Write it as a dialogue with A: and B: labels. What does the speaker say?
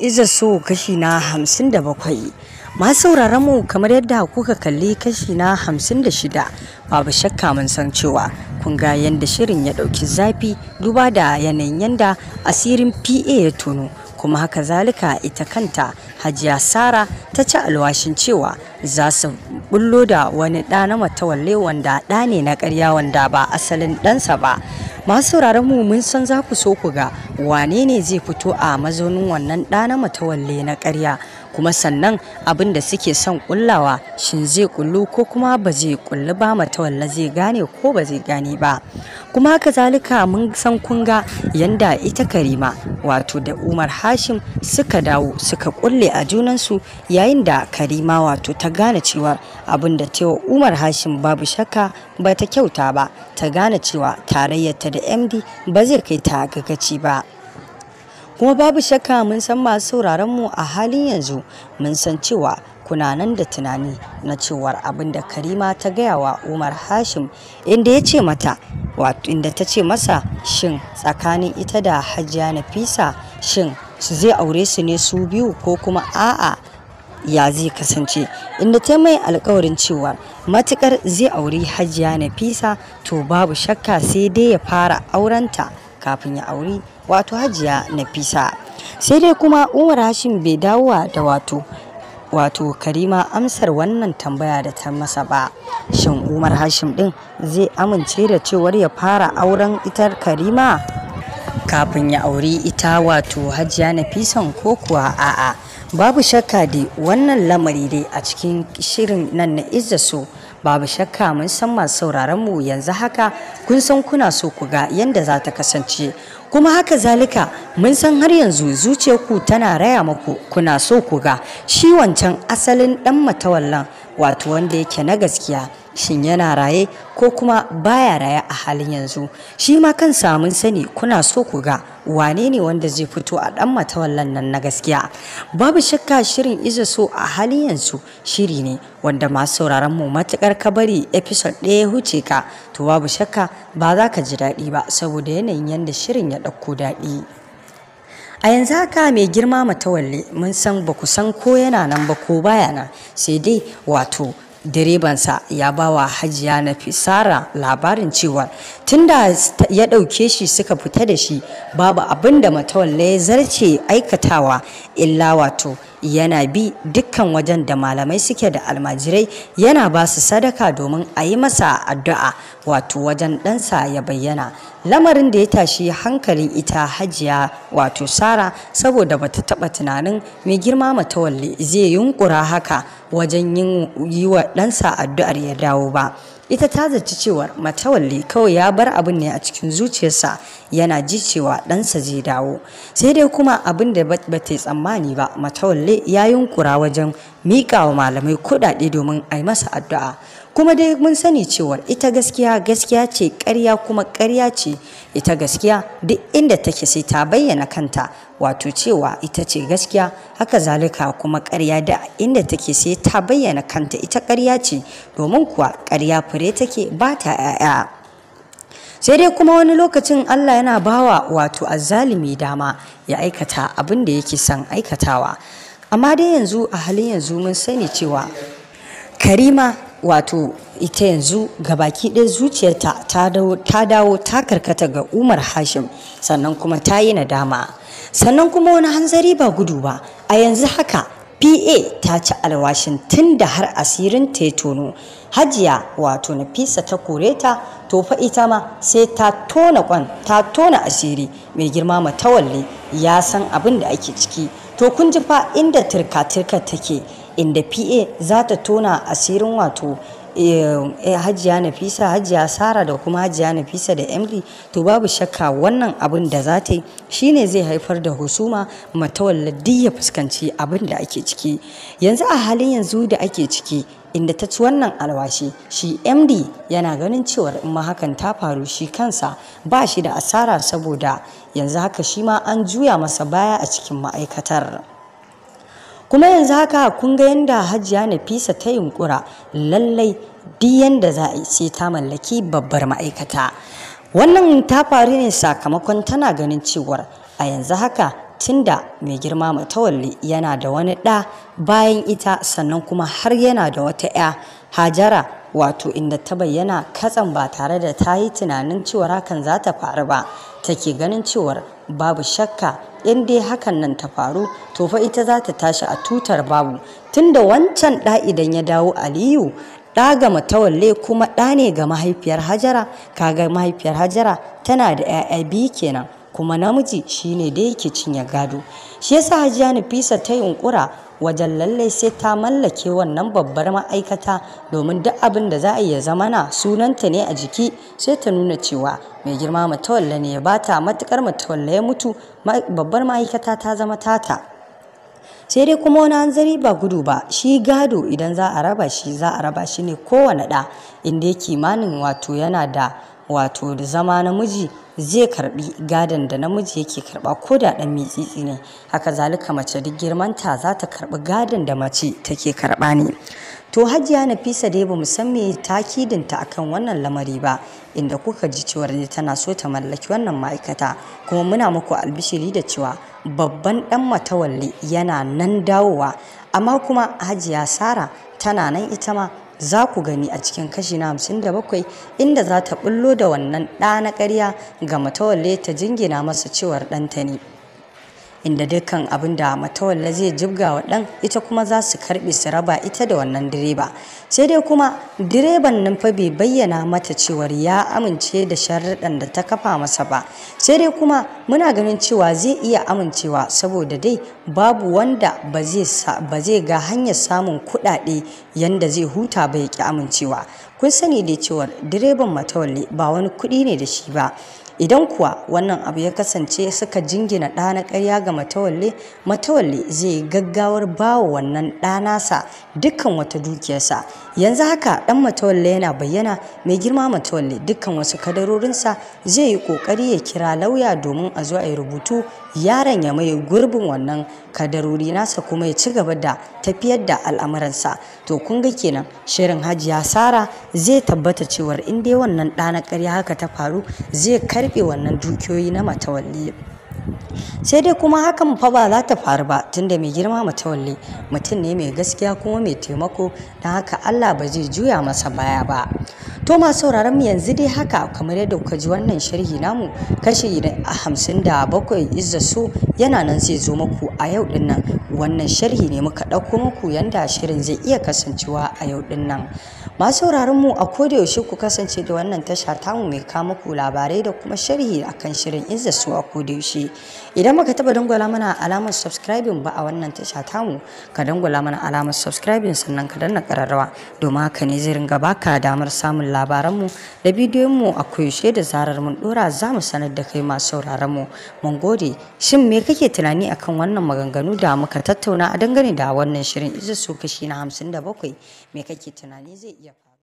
A: iza so kashi na hamsin da bakwai masu mu kamar yadda kuka kalli kashi na hamsin da shida babu shakka mun san cewa kun ga yadda shirin ya ɗauki zafi duba da yanayin yadda asirin pa ya tono kuma haka zalika ita kanta hajiya sara ta ci alwashin cewa za su bullo da wani ɗa na matawalle wanda ɗa ne na karya wanda ba asalin ɗansa ba masu sauraron mu mun san za ku so ku ga wane ne zai fito a mazaunin wannan ɗana matawalle na karya kuma sannan abin da suke son kullawa shin zai kullu ko kuma ba zai kullu ba matawalla zai gane ko ba zai gane ba kuma haka zalika mun san kunga yanda ita karima wato da umar hashim suka dawo suka kulle a junansu yayin da karima wato ta gane cewa abin da tewa umar hashim babu shakka ba ta kyauta ba ta gane cewa tarayyarta da da md ba zai kai ta gagaci ba kuma babu shakka mun san masu sauraron mu a halin yanzu mun san cewa kuna nan da tunani na cewar abin da karima ta gaya wa umar hashim inda ya ce mata wato inda ta ce masa shin tsakanin ita da hajiya nafisa shin su zai aure su ne su biyu ko kuma a'a ya zai kasance inda ta mai alkawarin cewa matukar zai auri hajiya na Fisa, to babu shakka sai dai ya fara aurenta kafin ya auri wato hajiya na Fisa. sai dai kuma umar hashim bai dawowa da wato wato karima amsar wannan tambaya da ta masa ba shin umar hashim din zai amince da cewar ya fara auren itar karima kafin ya auri ita wato hajiya na Fisan ko kuwa a'a babu shakka dai wannan lamari dai a cikin shirin nan na izza so babu shakka mun san masu sauraron mu yanzu haka kun san kuna so ku ga yanda za ta kasance kuma haka zalika mun san har yanzu zuciyarku tana raya muku kuna so ku ga shi wancan asalin dan matawallan wato wanda yake na gaskiya shin yana raye ko kuma baya raye a halin yanzu shi ma kan samun sani kuna so ku ga wane ne wanda zai fito a dan matawallan nan na gaskiya babu shakka shirin iza so a halin yanzu shiri ne wanda masu sauraron mu matukar kabari episode ɗaya ya huce ka to babu shakka ba za ka ji daɗi ba saboda yanayin yadda shirin ya ɗauko daɗi a yanzu haka mai girma matawalle mun san ba ku san ko yana nan ba ko baya nan sai dai wato direbansa ya ba wa hajiya na fisara labarin cewa tunda ya ɗauke shi suka fita da shi babu abin da matawalle ya zarce aikatawa illa wato yana bi dukkan wajen da malamai suke da almajirai yana ba su sadaka domin a yi masa addu'a wato wajen ɗansa ya bayyana lamarin da ya tashi hankalin ita hajiya wato sara saboda bata taɓa tunanin mai girma matawalli zai yunkura haka wajen yi wa ɗansa addu'ar ya dawo ba ita ta zaci cewar matawalli kawai ya bar abin ne a cikin zuciyarsa yana ji cewa ɗansa zai dawo sai dai kuma abin da ba ta tsammani ba matawalle ya yunkura wajen miƙa wa malamai kuɗaɗe domin a yi masa addu'a kuma dai mun sani cewar ita gaskiya gaskiya ce ƙarya kuma ƙarya ce ita gaskiya duk inda take sai ta bayyana kanta wato cewa ita ce gaskiya haka zalika kuma ƙarya da inda take sai ta bayyana kanta ita ƙarya ce domin kuwa ƙarya fure take ba ta 'ya'ya. sai dai kuma wani lokacin Allah yana bawa wato azzalimi dama ya aikata abin da yake son aikatawa amma dai yanzu a halin yanzu mun sani cewa karima wato ita yanzu ga baki ɗaya zuciyarta ta dawo ta karkata ga umar hashim sannan kuma ta yi nadama sannan kuma wani hanzari ba gudu ba a yanzu haka pa ta ci alwashin tun da har asirin ta ya tono hajiya wato nafisa ta kore ta to fa ita ma sai ta tona kwan ta tona asiri mai girma matawalle ya san abin da ake ciki to kun ji fa inda turka-turka take inda pa za ta tona asirin wato eh, eh, hajiya nafisa hajiya sara da kuma hajiya nafisa da emily to babu shakka wannan abin da za ta yi shine zai haifar da husuma matawalla ya fuskanci abin da ake ciki yanzu a halin yanzu da ake ciki inda ta ci wannan alwashi shi md yana ganin cewar in ma hakan ta faru shi kansa ba shi da asara saboda yanzu haka shi ma an juya masa baya a cikin ma'aikatar. kuma yanzu haka kun ga yadda hajiya nafisa ta yunkura lallai duk yanda za a yi sai ta mallaki babbar ma'aikata wannan ta faru ne sakamakon tana ganin cewar a yanzu haka tunda mai girma matawalli yana da wani ɗa bayan ita sannan kuma har yana da wata 'ya hajara wato inda ta bayyana katsan ba tare da ta yi tunanin cewar hakan za ta faru ba take ganin cewar babu shakka in dai hakan nan ta faru to fa ita za ta tashi a tutar babu tunda wancan da idan ya dawo aliyu ɗa ga matawalle kuma ɗa ne ga mahaifiyar hajara kaga mahaifiyar hajara tana da 'ya'ya biyu kenan kuma namiji shine da yake cinye gado shi yasa hajiya nafisa ta yunkura wajen lallai sai ta mallake wannan babbar ma'aikata domin duk abin da za a iya na sunanta ne a jiki sai ta nuna cewa mai girma matawalla ne ya ta matukar matawalla ya mutu babbar ma'aikata ta zama tata sai dai kuma wani hanzari ba gudu ba shi gado idan za a raba shi za a raba shi ne kowane ɗa inda yake kimanin wato yana da wato da zama namiji zai karbi gadon da namiji yake karba ko da dan mitsitsi ne haka zalika mace duk girmanta za ta karbi gadon da mace take karba ne to hajiya nafisa dai ba san me takidinta akan wannan lamari ba inda kuka ji cewar ne tana so ta mallaki wannan ma'aikata kuma muna muku albishiri da cewa babban dan matawalli yana nan dawowa amma kuma hajiya sara tana nan ita ma za ku gani a cikin kashi na 57 inda za ta bullo da wannan ɗa na ƙarya ga matawalle ta jingina masa cewar ɗanta ne. inda dukkan abin da matawalla zai jibga wa ɗan ita kuma za su karbi su raba ita da wannan direba sai dai kuma direban nan fa bai bayyana mata cewar ya amince da sharuɗan da ta kafa masa ba sai dai kuma muna ganin cewa zai iya amincewa saboda dai babu wanda ba zai ga hanyar samun kuɗaɗe yanda zai huta ba ya ki amincewa kun sani da cewar direban matawalle ba wani kuɗi ne da shi ba idan kuwa wannan abu ya kasance suka jingina ɗa na ƙarya ga matawalle matawalle zai yi gaggawar bawa wannan ɗanasa nasa dukkan wata dukiyarsa yanzu haka ɗan matawalle yana bayyana mai girma matawalle dukkan wasu kadarorinsa zai yi ƙoƙari ya kira lauya domin a zo a yi rubutu yaron ya mai gurbin wannan kadarori nasa kuma ya ci gaba da tafiyar da al'amuransa to kun ga kenan shirin hajiya sara zai tabbata cewar in dai wannan ɗa na ƙarya haka ta faru zai kar karɓe wannan dukiyoyi na matawalli sai dai kuma hakan fa ba za ta faru ba tunda mai girma walle mutum ne mai gaskiya kuma mai taimako don haka Allah ba zai juya masa baya ba to masu sauraron mu yanzu dai haka kamar yadda kuka ji wannan sharhi namu kashi hamsin da bakwai izza so yana nan zai zo muku a yau din wannan sharhi ne muka ɗauko muku yanda shirin zai iya kasancewa a yau din nan masu sauraron mu a koda yaushe ku kasance da wannan tasha tamu mai kawo muku labarai da kuma sharhi akan shirin izza so a kodayaushe. idan baka taba dangwala mana alamar subscribing ba a wannan tasha tamu ka dangwala mana alamar subscribing sannan ka danna kararrawa domin haka ne zai ringa baka damar samun labaran mu da bidiyon mu a koyaushe da zarar mun dora za mu sanar da kai masu sauraron mu mun gode shin me kake tunani akan wannan maganganu da muka tattauna a dangane da wannan shirin izu su kashi na 57 me kake tunani zai iya